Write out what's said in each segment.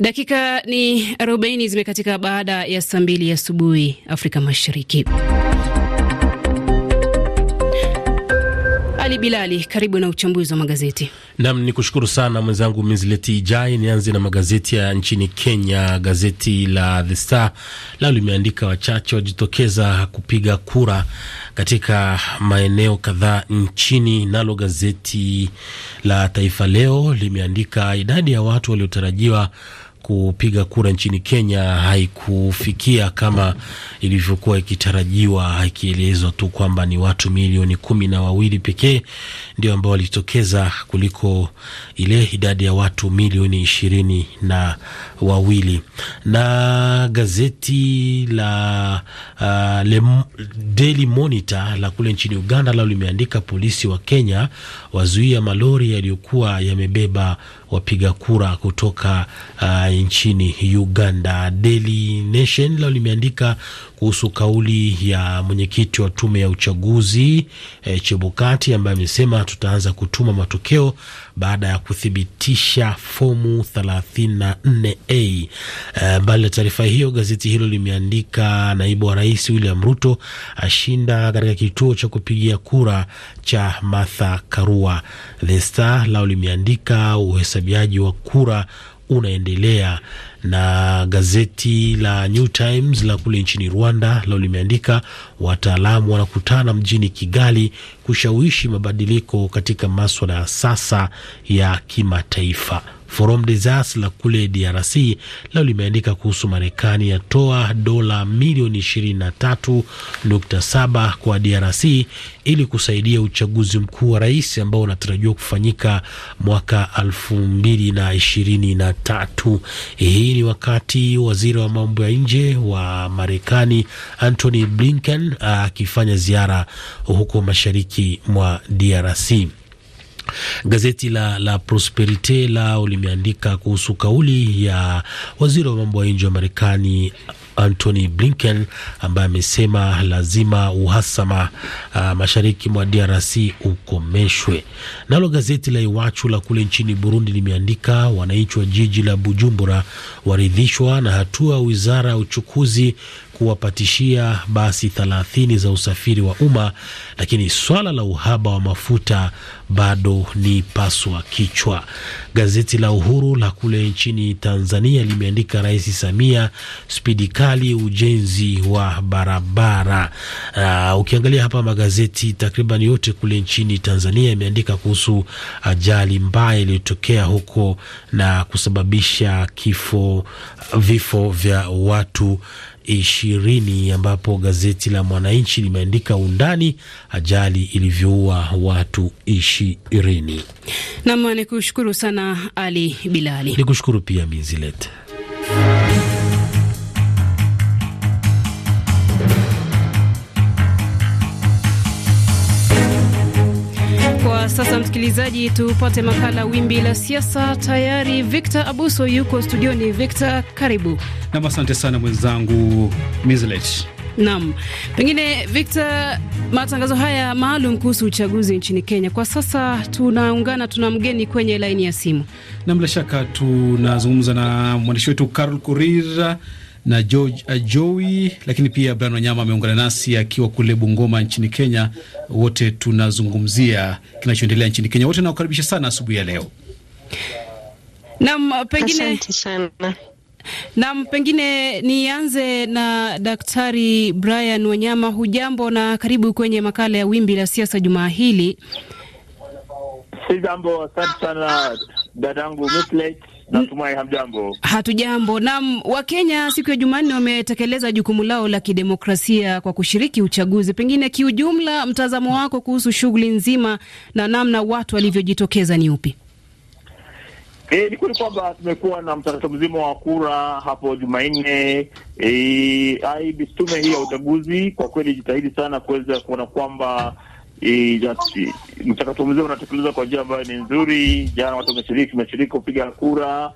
Dakika ni 40 zimekatika baada ya saa mbili asubuhi Afrika Mashariki. Ali Bilali, karibu na uchambuzi wa magazeti. Nam ni kushukuru sana mwenzangu Mizleti Ijai. Nianze na magazeti ya nchini Kenya. Gazeti la The Star lao limeandika wachache wajitokeza kupiga kura katika maeneo kadhaa nchini. Nalo gazeti la Taifa Leo limeandika idadi ya watu waliotarajiwa kupiga kura nchini Kenya haikufikia kama ilivyokuwa ikitarajiwa, ikielezwa tu kwamba ni watu milioni kumi na wawili pekee ndio ambao walitokeza kuliko ile idadi ya watu milioni ishirini na wawili. Na gazeti la uh, Le Daily Monitor la kule nchini Uganda lao limeandika polisi wa Kenya wazuia malori yaliyokuwa yamebeba wapiga kura kutoka uh, nchini Uganda. Daily Nation leo limeandika kuhusu kauli ya mwenyekiti wa tume ya uchaguzi e, Chebukati ambaye amesema tutaanza kutuma matokeo baada ya kuthibitisha fomu 34A. E, eh, mbali na taarifa hiyo, gazeti hilo limeandika naibu wa rais William Ruto ashinda katika kituo cha kupigia kura cha Martha Karua. The Star lao limeandika uhesabiaji wa kura unaendelea na gazeti la New Times la kule nchini Rwanda lao limeandika wataalamu wanakutana mjini Kigali kushawishi mabadiliko katika maswala ya sasa ya kimataifa. Forum des As la kule DRC leo limeandika kuhusu Marekani yatoa dola milioni 23.7 kwa DRC ili kusaidia uchaguzi mkuu wa rais ambao unatarajiwa kufanyika mwaka 2023. Hii ni wakati waziri wa mambo ya nje wa Marekani Antony Blinken akifanya ziara huko mashariki mwa DRC. Gazeti la, la Prosperite lao limeandika kuhusu kauli ya waziri wa mambo ya nje wa Marekani Antony Blinken ambaye amesema lazima uhasama uh, mashariki mwa DRC ukomeshwe. Nalo gazeti la Iwachu la kule nchini Burundi limeandika wananchi wa jiji la Bujumbura waridhishwa na hatua wizara ya uchukuzi kuwapatishia basi thelathini za usafiri wa umma, lakini swala la uhaba wa mafuta bado ni paswa kichwa. Gazeti la Uhuru la kule nchini Tanzania limeandika Rais Samia spidi kali ujenzi wa barabara. Uh, ukiangalia hapa magazeti takriban yote kule nchini Tanzania imeandika kuhusu ajali mbaya iliyotokea huko na kusababisha kifo, vifo vya watu ishirini ambapo gazeti la Mwananchi limeandika undani ajali ilivyoua watu ishirini. Nam, ni kushukuru sana Ali Bilali, ni kushukuru pia Minzilet. sasa msikilizaji, tupate makala wimbi la siasa. Tayari Victor Abuso yuko studioni. Victor, karibu. Nam, asante sana mwenzangu Mizelet. Nam, pengine Victor, matangazo haya maalum kuhusu uchaguzi nchini Kenya kwa sasa, tunaungana tuna mgeni kwenye laini ya simu. Na bila shaka tunazungumza na mwandishi wetu Carol Kurira na George Ajoi, uh, lakini pia Brian Wanyama ameungana nasi akiwa kule Bungoma nchini Kenya. Wote tunazungumzia kinachoendelea nchini Kenya. Wote nawakaribisha sana asubuhi ya leo. Naam, uh, pengine Naam, pengine nianze na Daktari Brian Wanyama. Hujambo na karibu kwenye makala ya Wimbi la Siasa jumaa hili. Si jambo, asante sana dadangu Mislate. Natumai hamjambo. Hatujambo. Naam, Wakenya siku ya Jumanne wametekeleza jukumu lao la kidemokrasia kwa kushiriki uchaguzi. Pengine kiujumla, mtazamo wako kuhusu shughuli nzima na namna watu walivyojitokeza ni upi? E, ni kweli kwamba tumekuwa na mchakato mzima wa kura hapo Jumanne. E, eh, IEBC tume hii ya uchaguzi kwa kweli jitahidi sana kuweza kuona kwamba Eh, mchakato mzima unatekelezwa kwa njia ambayo ni nzuri. Jana watu wameshiriki wameshiriki kupiga kura,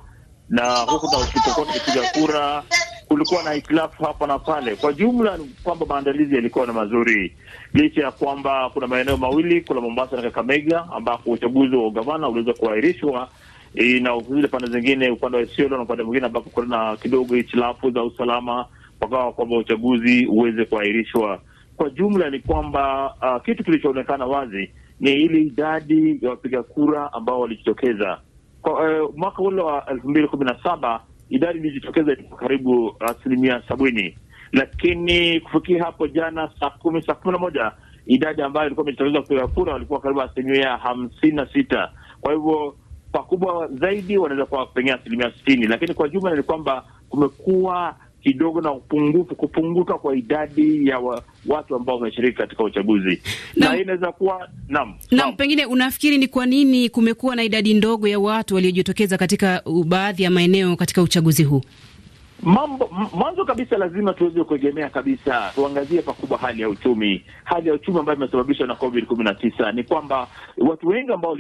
na huku tulipokuwa tukipiga kura kulikuwa na hitilafu hapa na pale. Kwa jumla ni kwamba maandalizi yalikuwa na mazuri, licha ya kwamba kuna maeneo mawili, kuna Mombasa na Kakamega ambako uchaguzi wa ugavana uliweza kuahirishwa eh, na zile pande zingine, upande wa Isiolo na upande mwingine ambapo kuna kidogo hitilafu za usalama, wakawa kwamba uchaguzi uweze kuahirishwa kwa jumla ni kwamba uh, kitu kilichoonekana wazi ni ile idadi ya wapiga kura ambao walijitokeza uh, mwaka ule wa elfu mbili kumi na saba idadi ilijitokeza karibu asilimia uh, sabini, lakini kufikia hapo jana saa kumi saa kumi na moja idadi ambayo ilikuwa imejitokeza kupiga kura walikuwa karibu asilimia hamsini na sita. Kwa hivyo pakubwa zaidi wanaweza kuwa pengine asilimia sitini, lakini kwa jumla ni kwamba kumekuwa kidogo na upungufu kupunguka kwa idadi ya wa, watu ambao wameshiriki katika uchaguzi na inaweza kuwa naam. na, pengine unafikiri ni kwa nini kumekuwa na idadi ndogo ya watu waliojitokeza katika baadhi ya maeneo katika uchaguzi huu? Mambo mwanzo kabisa lazima tuweze kuegemea kabisa, tuangazie pakubwa hali ya uchumi. Hali ya uchumi ambayo imesababishwa na Covid kumi na tisa ni kwamba watu wengi ambao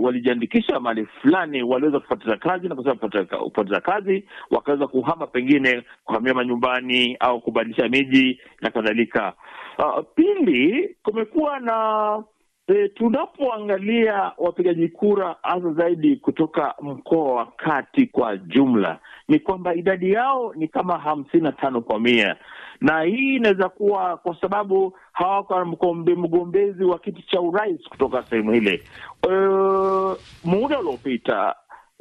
walijiandikisha mali fulani waliweza kupoteza kazi, na kwa sababu kupoteza kazi wakaweza kuhama, pengine kuhamia manyumbani au kubadilisha miji na kadhalika. Uh, pili kumekuwa na E, tunapoangalia wapigaji kura hasa zaidi kutoka mkoa wa kati kwa jumla, ni kwamba idadi yao ni kama hamsini na tano kwa mia, na hii inaweza kuwa kwa sababu hawako na mgombezi wa kiti cha urais kutoka sehemu ile. Uh, muda uliopita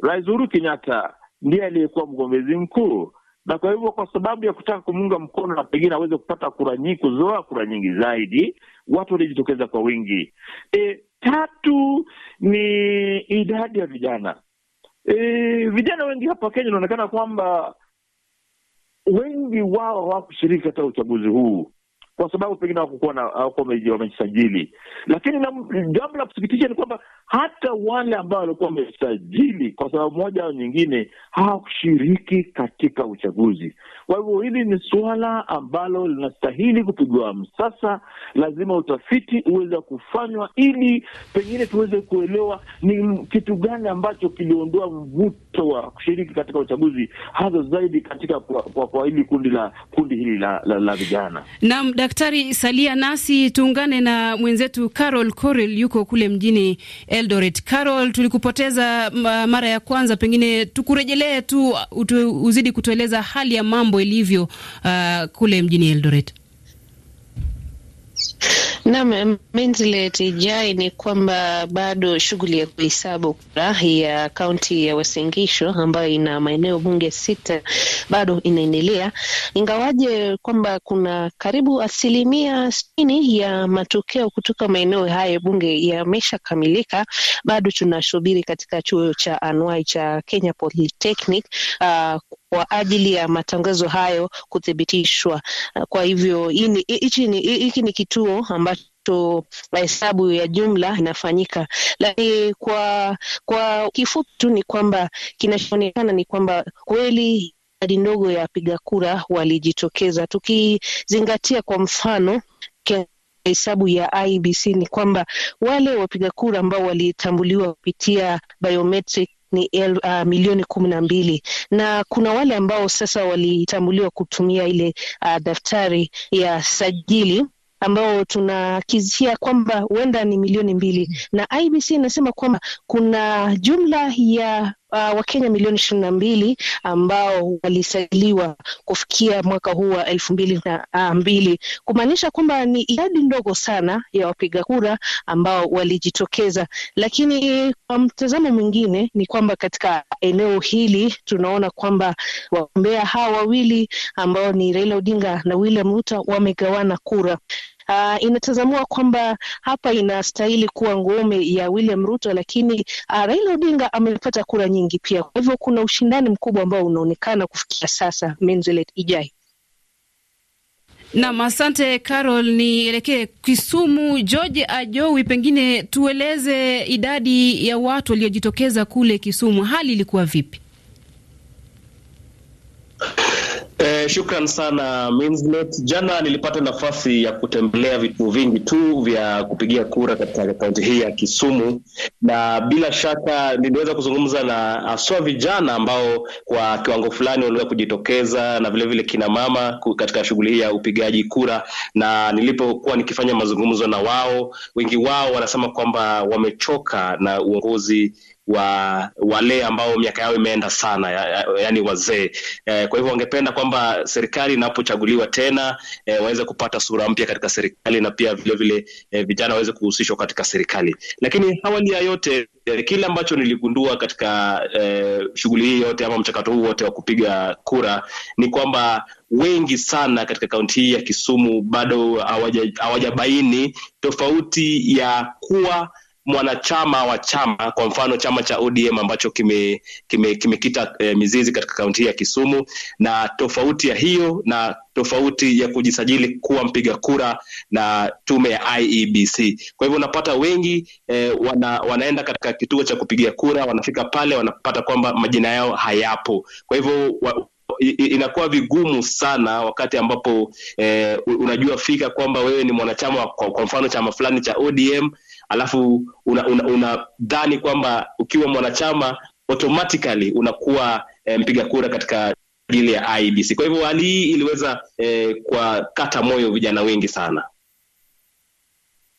Rais Uhuru Kenyatta ndiye aliyekuwa mgombezi mkuu na kwa hivyo kwa sababu ya kutaka kumuunga mkono na pengine aweze kupata kura nyingi, kuzoa kura nyingi zaidi, watu walijitokeza kwa wingi. E, tatu ni idadi ya vijana. E, vijana wengi hapa Kenya inaonekana kwamba wengi wao hawakushiriki katika uchaguzi huu kwa sababu pengine hawakuwa wamejisajili. Lakini na jambo la kusikitisha ni kwamba hata wale ambao walikuwa wamesajili kwa sababu moja au nyingine hawakushiriki katika uchaguzi. Kwa hivyo hili ni suala ambalo linastahili kupigwa msasa. Lazima utafiti uweze kufanywa ili pengine tuweze kuelewa ni kitu gani ambacho kiliondoa mvuto wa kushiriki katika uchaguzi, hasa zaidi katika kwa, kwa, kwa hili kundi la kundi hili la vijana la, Daktari, salia nasi tuungane na mwenzetu Carol corel yuko kule mjini Eldoret. Carol, tulikupoteza mara ya kwanza, pengine tukurejelee tu utu, uzidi kutueleza hali ya mambo ilivyo uh, kule mjini Eldoret. Naam, Minzilet ni kwamba bado shughuli ya kuhesabu kura ya kaunti ya wasingisho ambayo ina maeneo bunge sita bado inaendelea, ingawaje kwamba kuna karibu asilimia sitini ya matokeo kutoka maeneo hayo bunge yameshakamilika. Bado tunasubiri katika chuo cha anuai cha Kenya Polytechnic uh, kwa ajili ya matangazo hayo kuthibitishwa. Ah, kwa hivyo hiki ni, ni kituo ambacho mahesabu ya jumla inafanyika, lakini kwa kwa kifupi tu ni kwamba kinachoonekana ni kwamba kweli idadi ndogo ya wapiga kura walijitokeza. Tukizingatia kwa mfano hesabu ya IBC ni kwamba wale wapiga kura ambao walitambuliwa kupitia biometric ni el, uh, milioni kumi na mbili na kuna wale ambao sasa walitambuliwa kutumia ile uh, daftari ya sajili ambao tunakizia kwamba huenda ni milioni mbili na IBC inasema kwamba kuna jumla ya uh, ah, Wakenya milioni ishirini na mbili ambao walisajiliwa kufikia mwaka huu wa elfu mbili na uh, mbili, kumaanisha kwamba ni idadi ndogo sana ya wapiga kura ambao walijitokeza. Lakini kwa mtazamo mwingine ni kwamba katika eneo hili tunaona kwamba wagombea hawa wawili ambao ni Raila Odinga na William Ruto wamegawana kura uh, ah, inatazamua kwamba hapa inastahili kuwa ngome ya William Ruto, lakini uh, Raila Odinga amepata kura nyingi pia. Kwa hivyo kuna ushindani mkubwa ambao unaonekana kufikia sasa. Menzelet Ijai. Nam, asante Carol. Nielekee Kisumu. George Ajowi, pengine tueleze idadi ya watu waliojitokeza kule Kisumu, hali ilikuwa vipi? Eh, shukran sana Minsnet. Jana nilipata nafasi ya kutembelea vituo vingi tu vya kupigia kura katika kaunti hii ya Kisumu, na bila shaka niliweza kuzungumza na haswa vijana ambao kwa kiwango fulani waliweza kujitokeza na vilevile vile kina mama katika shughuli hii ya upigaji kura, na nilipokuwa nikifanya mazungumzo na wao, wengi wao wanasema kwamba wamechoka na uongozi wa wale ambao miaka yao imeenda sana ya, yani wazee e, kwa hivyo wangependa kwamba serikali inapochaguliwa tena e, waweze kupata sura mpya katika serikali na pia vile e, vijana waweze kuhusishwa katika serikali lakini awali ya yote e, kile ambacho niligundua katika e, shughuli hii yote ama mchakato huu wote wa kupiga kura ni kwamba wengi sana katika kaunti hii ya kisumu bado hawajabaini tofauti ya kuwa mwanachama wa chama kwa mfano chama cha ODM ambacho kimekita kime, kime, eh, mizizi katika kaunti ya Kisumu na tofauti ya hiyo na tofauti ya kujisajili kuwa mpiga kura na tume ya IEBC. Kwa hivyo unapata wengi eh, wana, wanaenda katika kituo cha kupigia kura, wanafika pale wanapata kwamba majina yao hayapo. Kwa hivyo inakuwa vigumu sana wakati ambapo eh, unajua fika kwamba wewe ni mwanachama kwa, kwa mfano chama fulani cha ODM alafu unadhani una, una kwamba ukiwa mwanachama automatically unakuwa e, mpiga kura katika ajili ya IBC. Kwa hivyo hali hii iliweza e, kuwakata moyo vijana wengi sana.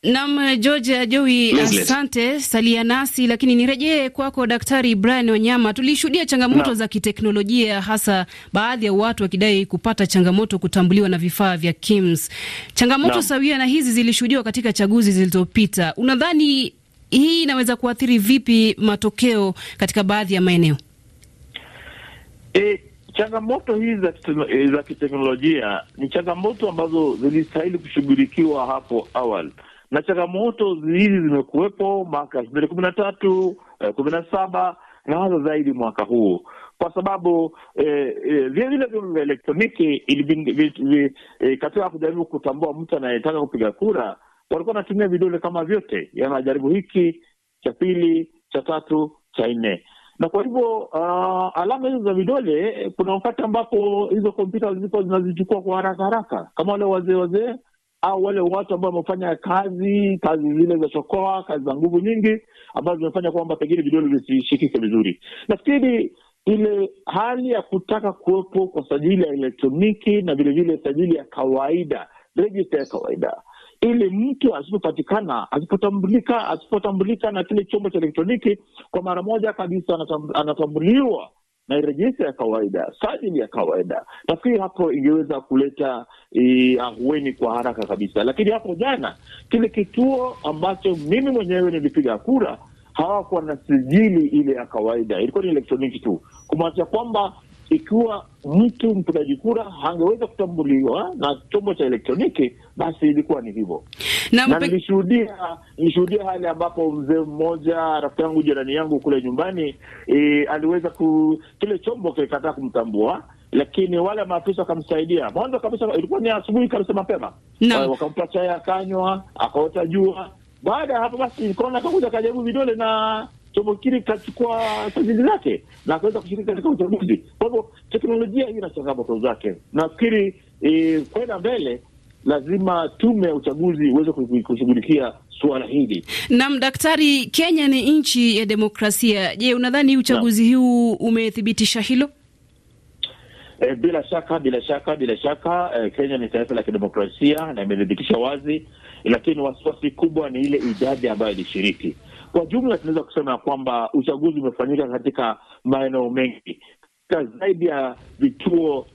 Nam George Ajowi, asante salia nasi, lakini nirejee kwako Daktari Brian Wanyama. Tulishuhudia changamoto na za kiteknolojia, hasa baadhi ya watu wakidai kupata changamoto kutambuliwa na vifaa vya KIMS. Changamoto na sawia na hizi zilishuhudiwa katika chaguzi zilizopita. Unadhani hii inaweza kuathiri vipi matokeo katika baadhi ya maeneo? E, changamoto hizi za e, kiteknolojia ni changamoto ambazo zilistahili kushughulikiwa hapo awali, na changamoto hizi zimekuwepo mwaka elfu mbili kumi na tatu eh, kumi na saba na hasa zaidi mwaka huu kwa sababu eh, eh, vile vile vyombo vya elektroniki katika kujaribu kutambua mtu anayetaka kupiga kura, walikuwa wanatumia vidole kama vyote, yanajaribu hiki cha pili cha tatu cha nne, na kwa hivyo uh, alama hizo za vidole, kuna wakati ambapo hizo kompyuta zilikuwa zinazichukua kwa haraka haraka, kama wale wazee wazee au wale watu ambao wamefanya kazi kazi zile za chokoa, kazi za nguvu nyingi ambazo zimefanya kwamba pengine vidole visishikike vizuri. Nafikiri ile hali ya kutaka kuwepo kwa sajili ya elektroniki na vilevile sajili ya kawaida, rejista ya kawaida, ili mtu asipopatikana, asipotambulika, asipotambulika na kile chombo cha elektroniki kwa mara moja kabisa, anatambuliwa marejesho ya kawaida, sajili ya kawaida. Nafikiri hapo ingeweza kuleta e, ahueni kwa haraka kabisa. Lakini hapo jana kile kituo ambacho mimi mwenyewe nilipiga kura hawakuwa na sijili ile ya kawaida, ilikuwa ni elektroniki tu, kumaanisha kwamba ikiwa mtu mpigaji kura hangeweza kutambuliwa na chombo cha elektroniki, basi ilikuwa ni hivyo na, na nilishuhudia nilishuhudia hali ambapo mzee mmoja rafiki yangu jirani yangu kule nyumbani e, aliweza ku kile chombo kilikataa kumtambua lakini wale maafisa wakamsaidia. Mwanzo kabisa ilikuwa ni asubuhi kabisa mapema, wakampa chai akanywa, akaota jua. Baada ya hapo basi, korona kakuja kajaribu vidole na chombo kile kachukua sajili zake na akaweza kushiriki katika uchaguzi. Kwa hivyo teknolojia hii ina changamoto zake. Nafikiri e, kwenda mbele lazima tume ya uchaguzi iweze kushughulikia suala hili. Naam, Daktari, Kenya ni nchi ya demokrasia. Je, unadhani uchaguzi huu umethibitisha hilo? E, bila shaka bila shaka bila shaka e, Kenya ni taifa la kidemokrasia na imethibitisha wazi, lakini wasiwasi kubwa ni ile idadi ambayo ilishiriki kwa jumla, tunaweza kusema kwamba uchaguzi umefanyika katika maeneo mengi, katika zaidi ya vituo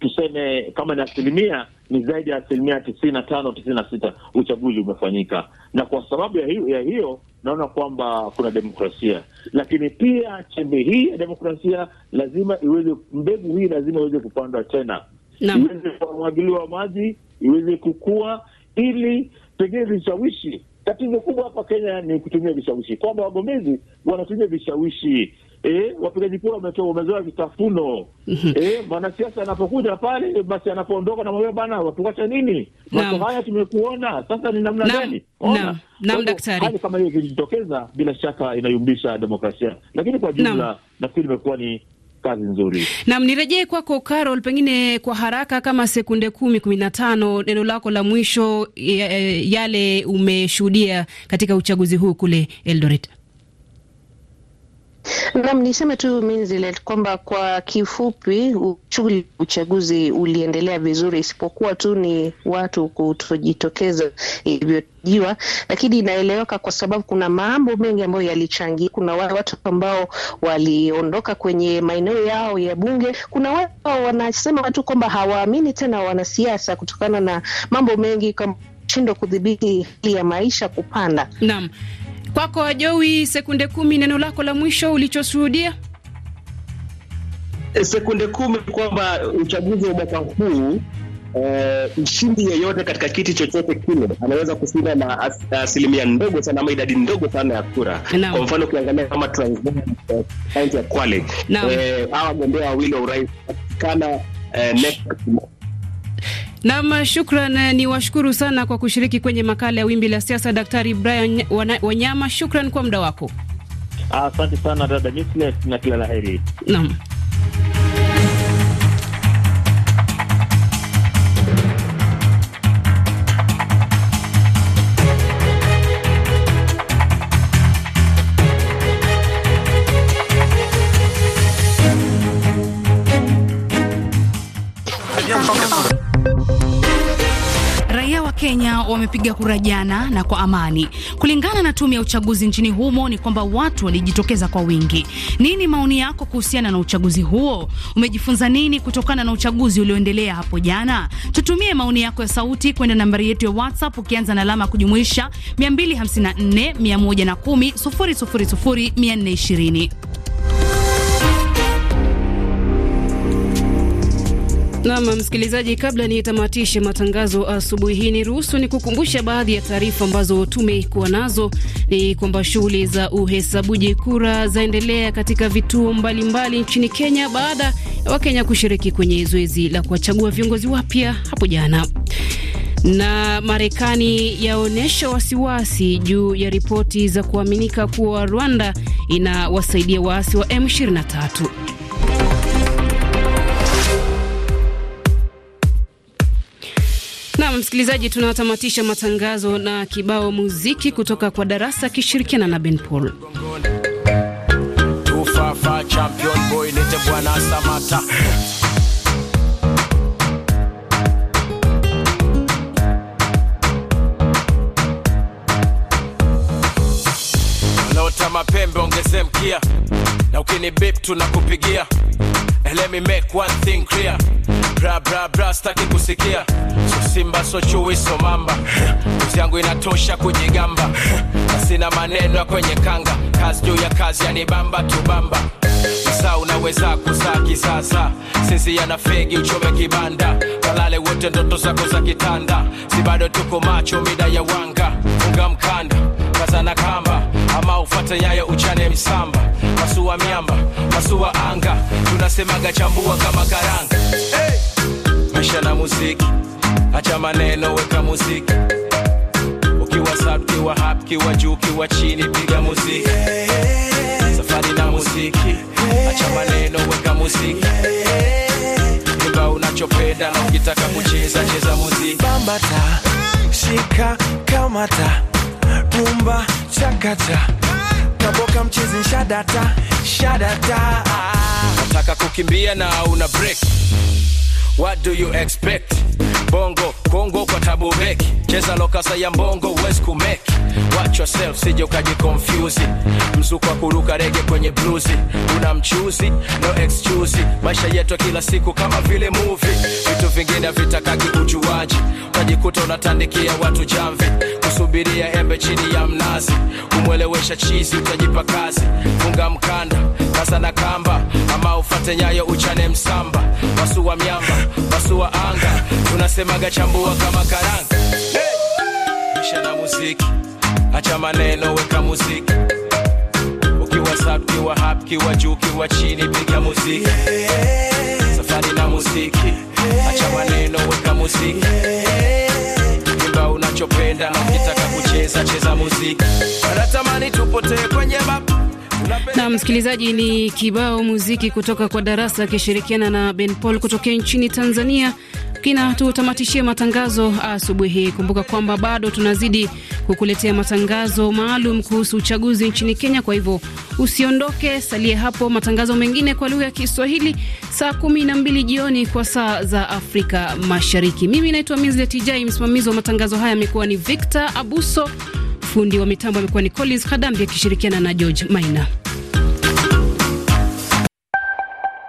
tuseme kama ni asilimia ni zaidi ya asilimia tisini na tano tisini na sita uchaguzi umefanyika, na kwa sababu ya hiyo, ya hiyo naona kwamba kuna demokrasia, lakini pia chembe hii ya demokrasia lazima iweze, mbegu hii lazima iweze kupandwa tena, iweze kumwagiliwa maji, iweze kukua ili pengine vishawishi Tatizo kubwa hapa Kenya ni kutumia vishawishi, kwamba wagombezi wanatumia vishawishi eh, wapigaji kura wamezoea vitafuno eh, mwanasiasa anapokuja pale basi anapoondoka namwambia bana, watuwacha nini? Mambo haya tumekuona, sasa ni namna gani? Ona hali kama hiyo ikijitokeza, bila shaka inayumbisha demokrasia, lakini kwa jumla nafikiri imekuwa ni kazi nzuri. Naam, nirejee kwako Carol, pengine kwa haraka kama sekunde kumi kumi na tano, neno lako la mwisho, eh, yale umeshuhudia katika uchaguzi huu kule Eldoret. Nam, niseme tu Minzilet kwamba kwa kifupi shughuli uchaguzi uliendelea vizuri, isipokuwa tu ni watu kutojitokeza ilivyojiwa, lakini inaeleweka kwa sababu kuna mambo mengi ambayo yalichangia. Kuna watu ambao waliondoka kwenye maeneo yao ya bunge. Kuna ambao wanasema watu kwamba hawaamini tena wanasiasa kutokana na mambo mengi kama shindo kudhibiti hali ya maisha kupanda. Naam. Kwako Ajowi, sekunde kumi, neno lako la mwisho ulichoshuhudia. Eh, sekunde kumi kwamba uchaguzi wa mwaka huu e, mshindi yeyote katika kiti chochote kile anaweza kushinda na as, asilimia ndogo sana ama idadi ndogo sana ya kura. Kwa mfano ukiangalia kama kaunti eh, ya Kwale, hawa wagombea wawili wa urais patikana Nam, shukran. Eh, ni washukuru sana kwa kushiriki kwenye makala ya wimbi la siasa, Daktari Brian Wanyama, shukran kwa muda wako. Asante sana dada na kila la heri. Naam. wamepiga kura jana na kwa amani. Kulingana na tume ya uchaguzi nchini humo ni kwamba watu walijitokeza kwa wingi. Nini maoni yako kuhusiana na uchaguzi huo? Umejifunza nini kutokana na uchaguzi ulioendelea hapo jana? Tutumie maoni yako ya sauti kwenda nambari yetu ya WhatsApp ukianza na alama ya kujumuisha 254 110 000 420. Nam msikilizaji, kabla nitamatishe matangazo asubuhi hii, ni ruhusu ni kukumbusha baadhi ya taarifa ambazo tumekuwa nazo. Ni kwamba shughuli za uhesabuji kura zaendelea katika vituo mbalimbali mbali nchini Kenya baada ya Wakenya kushiriki kwenye zoezi la kuwachagua viongozi wapya hapo jana na Marekani yaonyesha wasiwasi juu ya ripoti za kuaminika kuwa Rwanda inawasaidia waasi wa M23. msikilizaji, tunatamatisha matangazo na kibao muziki kutoka kwa Darasa akishirikiana na Ben Paul. mapembe ongeze mkia na ukini bip tunakupigia. Let me make one thing clear bra bra bra staki kusikia chui so mamba uzi yangu inatosha kujigamba na sina maneno ya kwenye kanga kazi juu ya kazi yanibamba tubamba saa unaweza kuzaa sasa sisi yana fegi uchome kibanda kalale wote ndoto zako za kitanda si bado tuko macho mida ya wanga funga mkanda kazana kamba ama ufate nyayo uchane msamba masuwa miamba masuwa anga tunasemaga chambua kama karanga maisha na muziki hacha maneno weka muziki ukiwa sub, kiwa hap kiwa juu kiwa chini piga muziki safari na muziki hacha maneno weka muziki imba unachopenda na ukitaka kucheza cheza muziki bambata shika kamata rumba chakata kaboka mchezi shadata shadata nataka kukimbia na una break what do you expect bongo kongo kwa tabu beki cheza lokasa ya mbongo wes kumeki watch yourself sije confuse mzuko wa kuruka rege kwenye bluzi una mchuzi no excuse maisha yetu kila siku kama vile movie vitu vingine vitakaki ujuaji utajikuta unatandikia watu jamvi kusubiria embe chini ya mnazi kumwelewesha chizi utajipa kazi funga mkanda kaza na kamba, ama ufate nyayo uchane msamba, pasua miamba, wa anga, tunasemaga chambua kama karanga. Hey! Isha na muziki, acha maneno, weka muziki ukiwa sub kiwa hap kiwa juu kiwa chini piga muziki safari na muziki acha maneno weka muziki yeah. imba unachopenda na ukitaka kucheza cheza muziki anatamani tupotee kwenye map na msikilizaji, ni kibao muziki kutoka kwa Darasa akishirikiana na Ben Paul kutokea nchini Tanzania kina tutamatishie matangazo asubuhi hii. Kumbuka kwamba bado tunazidi kukuletea matangazo maalum kuhusu uchaguzi nchini Kenya. Kwa hivyo usiondoke, salie hapo. Matangazo mengine kwa lugha ya Kiswahili saa kumi na mbili jioni kwa saa za Afrika Mashariki. Mimi naitwa Minzletijai, msimamizi wa matangazo haya amekuwa ni Victor Abuso. Fundi wa mitambo amekuwa ni Collins Kadambi akishirikiana na George Maina.